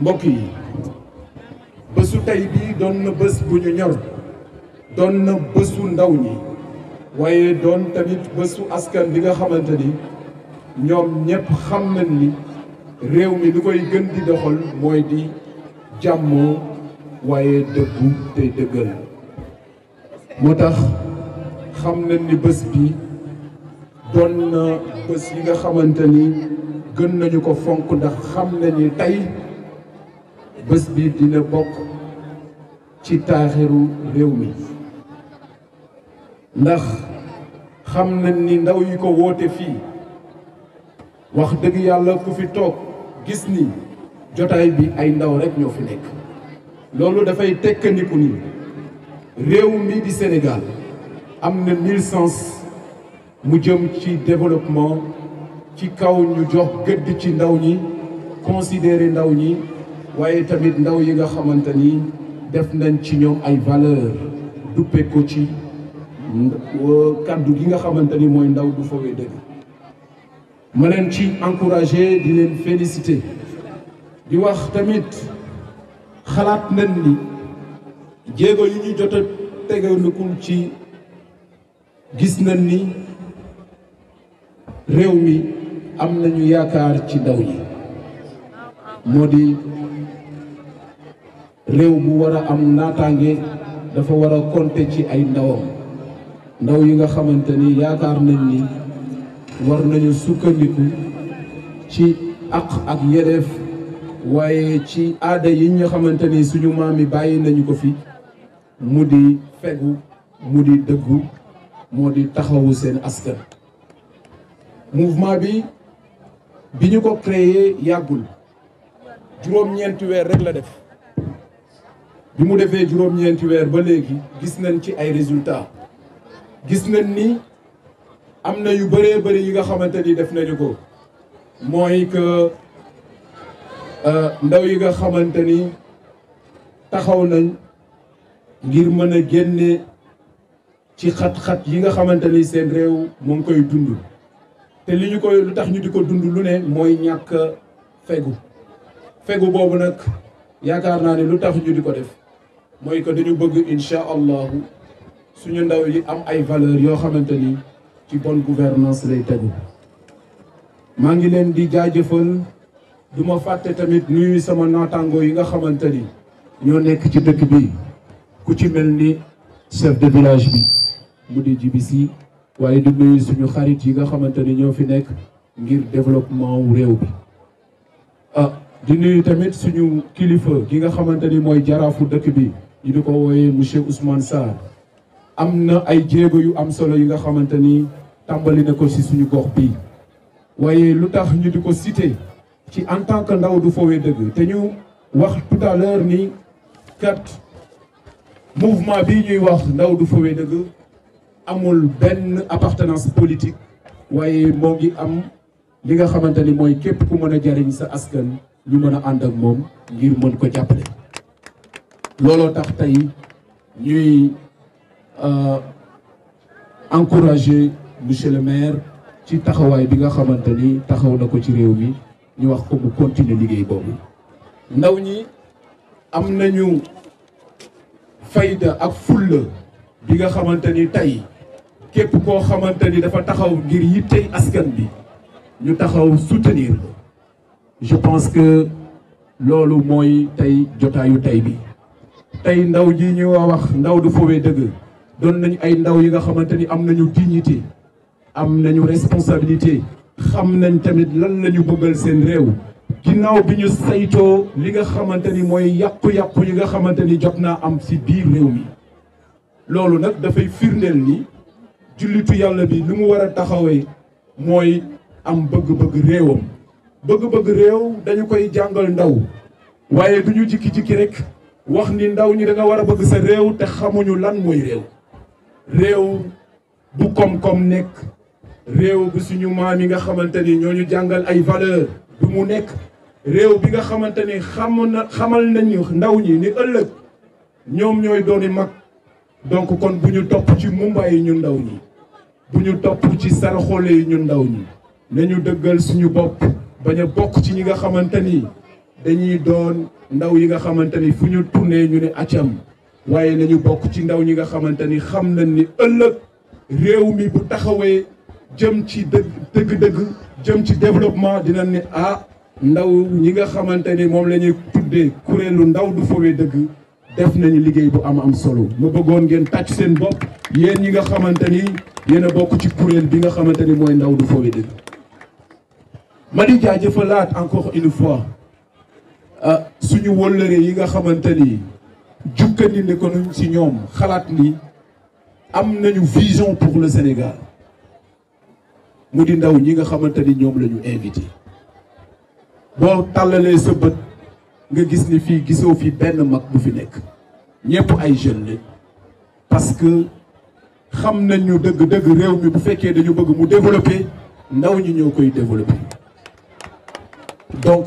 mbokk yi bésu tey bii doon na bés bu ñu ñor doon na bésu ndaw ñi waaye doon tamit bésu askan bi nga xamante ni ñoom ñëpp xam nañ ni réew mi lu koy gën di doxal mooy di jàmmoo waaye dëggu te dëggal moo tax xam nañ ni bés bi doon na bés yi nga xamante ni gën nañu ko fonk ndax xam nañ ni tey bés bi dina bokk ci taaxiru réew mi ndax xam nañ ni ndaw yi ko woote fii wax dëgg yàlla ku fi gis ni jotaay bi ay ndaw rek ñoo fi nekk loolu dafay di Sénégal AMNE na mille sens mu jëm ci développement ci kaw ñu jox gëdd ci ndaw ñi waye tamit ndaw yi nga xamanteni def nañ ci ñom ay valeur duppe ko ci kaddu gi nga xamanteni moy ndaw du fowee deug ma len ci encouragé di len féliciter. di wax tamit xalaat nañ ni jéego yu ñu jot a tegandikul ci gis nañ ni réew mi am nañu yaakaar ci ndaw yi modi réew bu war a am naataange dafa war a compter ci ay ndawam ndaw yi nga xamante ni yaakaar nañ ni war nañu sukkandiku ci àq ak yelleef waaye ci aada yi nga xamante ni suñu maam yi bàyyi nañu ko fi mu di fegu mu di dëggu moo di taxawu seen askan. mouvement bi bi ñu ko créé yàggul juróom-ñeenti weer rek la def. bi mu defee juróom-ñeenti weer ba léegi gis nañ ci ay résultats gis nañ ni am na yu bëree bëri yi nga xamante ni def nañu ko mooy que euh, ndaw yi nga xamante ni taxaw nañ ngir mën a génne ci xat-xat yi nga xamante ni seen réew mu ngi koy dund te li ñu koy lu tax ñu di ko dund lu ne mooy ñàkk fegu fegu boobu nag yaakaar naa ne lu tax ñu di ko def mooy que dañu bëgg incha allahu suñu ndaw yi am ay valeurs yoo xamante ni ci bonne gouvernance lay tegu maa ngi leen di jaajëfal du ma fàtte tamit nuyu sama naataango yi nga xamante ni ñoo nekk ci dëkk bi ku ci mel ni chef de village bi mu di jibisi waaye di nuyu suñu xarit yi nga xamante ni ñoo fi nekk ngir développement wu réew bi ah di nuyu tamit suñu kilifa gi nga xamante ni mooy jaraafu dëkk bi li di ko wooyee monsieur ousman Sarr am na ay jéego yu am solo yi nga xamante ni tàmbali na ko ci suñu gox bii waaye lu tax ñu di ko cité ci en tant que ndaw du foowee dëgg te ñu wax tout ni kat mouvement bii ñuy wax ndaw du foowee dëgg amul benn appartenance politique waaye moo ngi am li nga xamante ni mooy képp ku mën a jariñ sa askan ñu mën a ànd ak moom ngir mën ko jàppale Lolo tax nous ñuy euh, encourager monsieur le maire ci taxaway bi nga xamanteni taxaw nako ci réew mi ñu wax ko continuer liguey de ndaw ñi am nañu fayda ak bi nga dafa taxaw ngir askan bi ñu soutenir je pense que loolu mooy tey jotaayu tey bi tey ndaw ji ñuy wax wax ndaw du foowee dëgg doon nañu ay ndaw yi nga xamante ni am nañu dignité am nañu responsabilité xam nañ tamit lan nañu ñu seen réew ginnaaw bi ñu saytoo li nga xamante ni mooy yàqu-yàqu yi nga xamante ni jot naa am ci biir réew mi loolu nag dafay firndeel ni jullitu yàlla bi li mu war a taxawee mooy am bëgg-bëgg réewam bëgg-bëgg réew dañu koy jàngal ndaw waaye du ñu jikki-jikki rek wax ni ndaw ñi da nga war a bëgg sa réew te xamuñu lan mooy réew réew bu koom-koom nekk réew bu suñu maam yi nga xamante ni ñu jàngal ay valeur du mu nekk réew bi nga xamante ni xam na xamal nañu ndaw ñi ni ëllëg ñoom ñooy dooni mag donc kon bu ñu topp ci mumbaay yi ñu ndaw ñi bu ñu topp ci saraxole yi ñun ndaw ñi nañu dëggal suñu bopp bañ a bokk ci ñi nga xamante ni dañuy doon ndaw yi nga xamante ni fu ñu tourné ñu ne acam waaye nañu bokk ci ndaw ñi nga xamante ni xam nañ ni ëllëg réew mi bu taxawee jëm ci dëgg dëgg jëm ci développement dina ne ah ndaw ñi nga xamante ni moom la ñuy tuddee kuréelu ndaw du fowee dëgg def nañu liggéey bu am am solo ma bëggoon ngeen tàcc seen bopp yéen ñi nga xamante ni yéen bokk ci kuréel bi nga xamante ni mooy ndaw du fowee dëgg ma di encore une Ah, suñu wëllëree yi nga xamante ni jukkandi ne ko nuñ ci ñom xalaat ni am nañu vision pour le Sénégal mu ndaw ñi nga xamante ñom lañu la ñu invité boo tàllalee sa bët nga gis ni fi gisoo fi benn mag bu fi nekk ñepp ay jeunes lañ parce que xam nañu dëgg-dëgg réew mi bu fekkee dañu bëgg mu développer ndaw ñi ñoo koy développer donc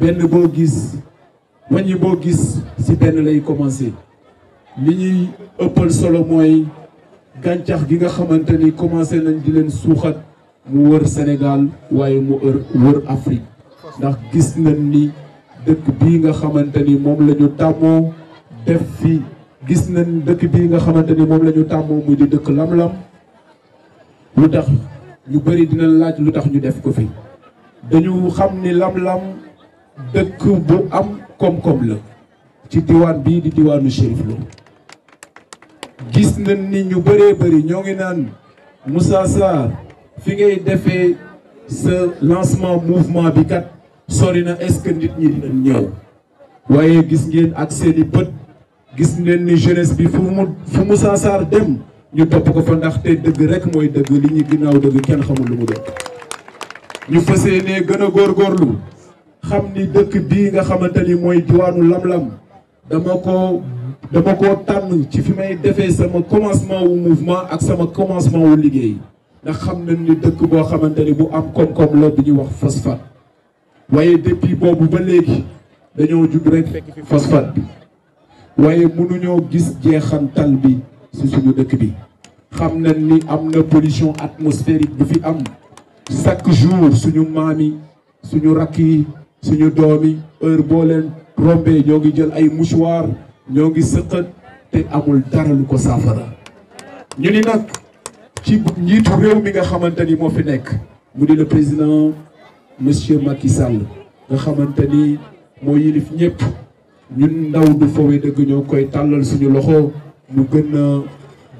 benn boo gis wàññi boo gis ci benn lay commencer li ñuy ëppal solo mooy gàncax gi nga xamante ni commencé nañ di leen suuxat mu wër senegal waaye mu ër wër Afrique ndax gis nañ ni dëkk bii nga xamante ni moom la ñu tàmmoo def fi gis nañ dëkk bii nga xamante ni moom la ñu tàmmoo muy di dëkk lam-lam lu tax ñu bëri dina laaj lu tax ñu def ko fi dañu xam ni lam-lam dëkk bu am koom la ci diwaan bii di diwaanu Chérif Lo gis nañ ni ñu baree bari ñoo ngi naan Moussa Sarr fi ngay defee sa lancement mouvement bi kat sori na est nit ñi dinañ ñëw waaye gis ngeen ak seeni bët gis ngeen ni jeunesse bi fu mu fu Moussa dem ñu topp ko fa te dëgg rek mooy dëgg li ñu ginnaaw dëgg kenn xamul lu mu doon ñu fas yéenee gën a góorgóorlu xamni dëkk nga xamanteni moy diwanu lamlam dama ko dama ko tann ci fi commencement mouvement ak sama commencement wu liggéey La xam ni dëkk bo xamanteni bu am comme comme la wax phosphate depuis bobu ba légui dañoo jug rek fekk fi phosphate bi gis jeexantal bi ci suñu dëkk bi xam ni am pollution atmosphérique bu fi am chaque jour suñu mami suñu suñu doom yi heure booleen leen rombee ñoo ngi jël ay mouchoir ñoo ngi sëqat te amul dara lu ko saafara ñu ni nag ci njiitu réew mi nga xamante ni moo fi nekk mu di la président monsieur Macky Sall nga xamante ni moo yilif ñëpp ñun ndaw du fowee dëgg ñoo koy tàllal suñu loxo mu gën a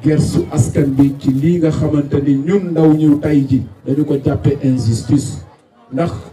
gersu askan bi ci li nga xamante ni ñun ndaw ñu ay ji dañu ko jàppee injustice ndax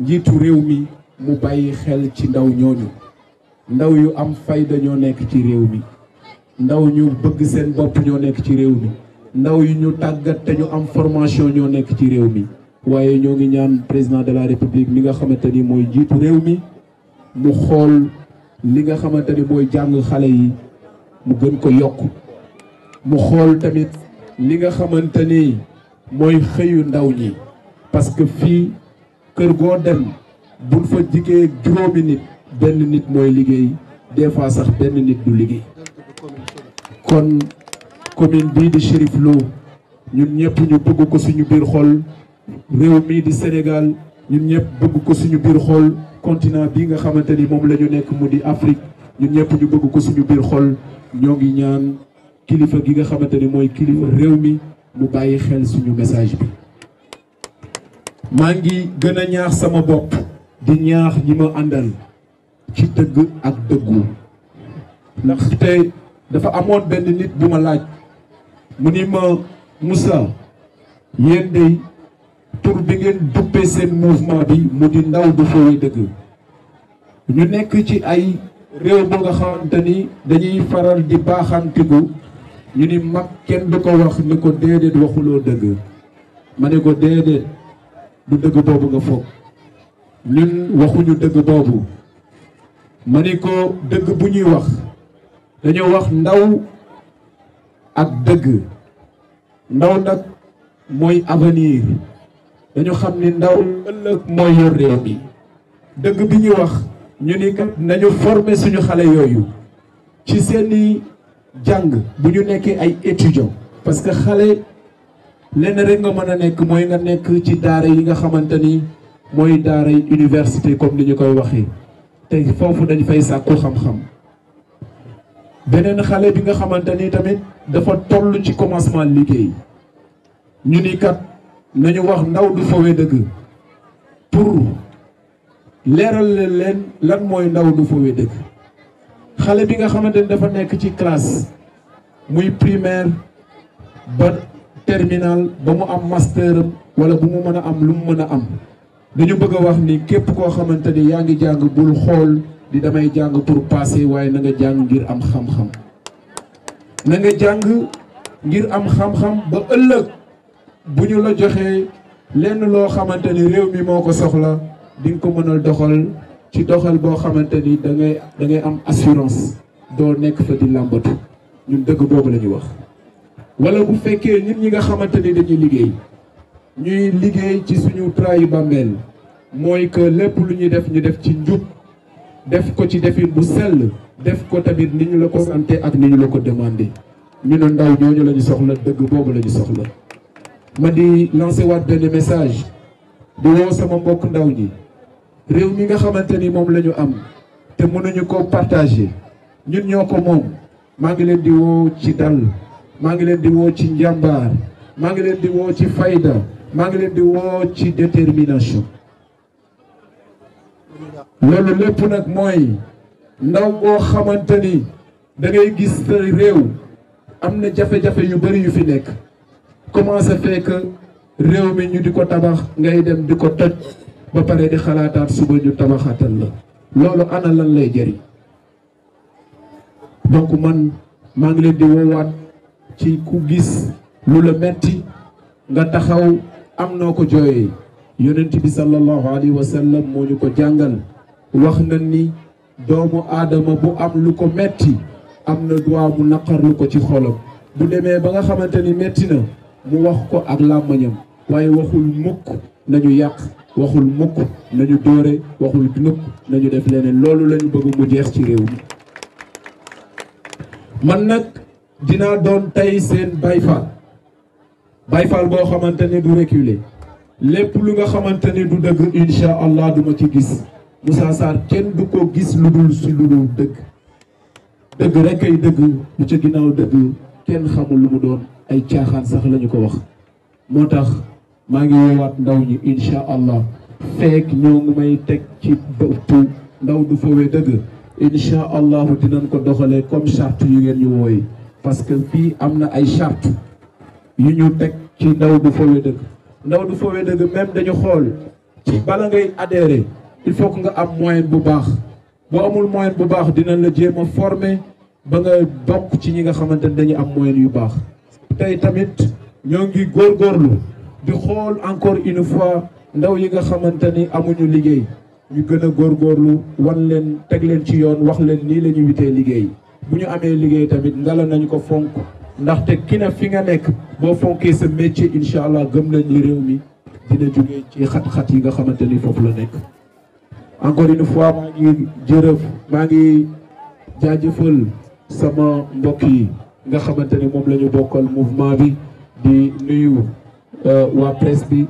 njiitu réew mi mu bàyyi xel ci ndaw ñooñu ndaw yu am fayda ñoo nekk ci réew mi ndaw ñu bëgg seen bopp ñoo nekk ci réew mi ndaw yu ñu tàggat te ñu am formation ñoo nekk ci réew mi waaye ñoo ngi ñaan président de la république mi nga xamante ni mooy jiitu réew mi mu xool li nga xamante ni mooy jàng xale yi mu gën ko yokk mu xool tamit li nga xamante ni mooy xëyu ndaw ñi parce fii kër goo dem buñ fa jigee juróomi nit benn nit mooy liggéey des fois sax benn nit du liggéey kon commune bii di Chérif Lo ñun ñëpp ñu bëgg ko suñu biir xol réew mi di Sénégal ñun ñëpp bëgg ko suñu biir xol continent bii nga xamante ni moom lañu nekk mu di Afrique ñun ñëpp ñu bëgg ko suñu biir xol ñoo ngi ñaan kilifa gi nga xamante ni mooy kilifa réew mi mu bàyyi xel suñu message bi maa ngi gën ñaax sama bopp di ñaax ñi ma àndal ci dëgg ak dëggu ndaxte dafa amoon benn nit bu ma laaj mu ni ma musa yéen dey tur bi ngeen duppee seen mouvement bi mu di ndaw du fooy dëgg ñu nekk ci ay réew bu nga xamante ni dañuy faral di baaxantiku ñu ni mag kenn du ko wax ni ko déedéet waxuloo dëgg ma ne ko déedéet du dëgg boobu nga foog ñun waxuñu dëgg boobu ma dëgg bu ñuy wax dañoo wax ndaw ak dëgg ndaw nag mooy avenir dañu xam ni ndaw ëllëg mooy yor réew mi dëgg bi ñuy wax ñu ni kat nañu forme suñu xale yooyu ci seeni jàng bu ñu nekkee ay étudiants parce xale lenn rek nga mëna nek moy nga nek ci daara yi nga xamanteni moy mooy daara université comme ni koy waxee tay fofu dañ fay ko xam-xam benen xalé bi nga xamanteni tamit dafa tollu ci commencement liggéey ñu ni kat nañu wax ndaw du fowé deug pour leral leen leen lan moy ndaw du fowé deug xalé bi nga xamanteni dafa nek ci classe muy primaire ba terminal ba am master wala bu mu meuna am lu mu am dañu bëgg wax ni képp ko xamanteni yaangi jang bul di damay jang pour passer waaye na nga jang ngir am xam-xam na nga jang ngir am xam-xam ba ëlëk bu ñu la joxé lenn lo xamanteni réew mi moko soxla di nga ko mënal doxal ci doxal bo xamanteni da ngay da ngay am assurance do nek fa di lambatu ñun dëgg lañu wax wala bu fekkee nit ñi nga xamante ni dañuy liggéey ñuy liggéey ci suñu trayu bàmmeel mooy que lépp lu ñuy def ñu def ci njub def ko ci defin bu sell def ko tamit ni ñu la ko santé ak ni ñu la ko demandé ñu ne ndaw ñooñu la ñu soxla dëgg boobu la ñu soxla ma di lancé waat message di woo sama mbokk ndaw ñi réew mi nga xamante ni moom lañu am te mënuñu ko partagé ñun ñoo ko moom maa ngi leen di woo ci dal maa ngi di wo ci njambar maa ngi di wo ci fayda maa ngi di wo ci determination lolu lepp nak moy ndaw boo xamanteni da ngay gis sa réew am jafé jafe yu bari yu fi nek comment ça fait que rew mi ñu di tabax ngay dem diko tej ba paré di xalaataat suba ñu tabaxatal la lolu ana lan lay jëri donc man maa ngi leen di woowaat ci ku gis lu la metti nga taxaw am noo ko jooyee yonent bi sallallahu alayhi wa sallam moo ñu ko jàngal wax na ni doomu aadama bu am lu ko metti am na droit mu naqarlu ko ci xolam bu demee ba nga xamante ni metti na mu wax ko ak làmmañam waaye waxul mukk nañu yàq waxul mukk nañu dóore waxul mukk nañu def leneen loolu lañu bëgg mu jeex ci réew mi dina doon tey seen bayfal bayfal goo xamante ne du reculer lépp lu nga xamante ne du dëgg incha allah duma ci gis Moussa Sarr kenn du ko gis lu dul si lu dëgg dëgg rek ay dëgg lu ca ginnaaw dëgg kenn xamul lu mu doon ay caaxaan sax lañu ko wax moo tax maa ngi woowaat ndaw ñi incha allah feek ñoo ngi may teg ci bopp ndaw du fowee dëgg incha allahu dinañ ko doxalee comme charte yu ngeen ñu wooye parce que fii am na ay charte yu ñu teg ci ndaw du foowee dëgg ndaw du foowee dëgg même dañu xool ci bala ngay adhérer il faut que nga am moyen bu baax boo amul moyen bu baax dinañ la jéem a former ba nga bokk ci ñi nga xamante ne dañu am moyen yu baax tey tamit ñoo ngi góor góorlu bi xool encore une fois ndaw yi nga xamante ni amuñu liggéey ñu gën a góorgóorlu wan leen teg leen ci yoon wax leen nii la ñu witee liggéey bu ñu amee liggéey tamit ngala nañu ko fonk ndaxte ki na fi nga nekk boo fonkee sa métier incha allah gëm nañ ni réew mi dina jógee ci xat-xat yi nga xamante ni foofu la nekk. encore une fois maa ngi jërëf maa ngi jaajëfal sama mbokk yi nga xamante ni moom la ñu bokkal mouvement bi di nuyu euh, waa presse bi.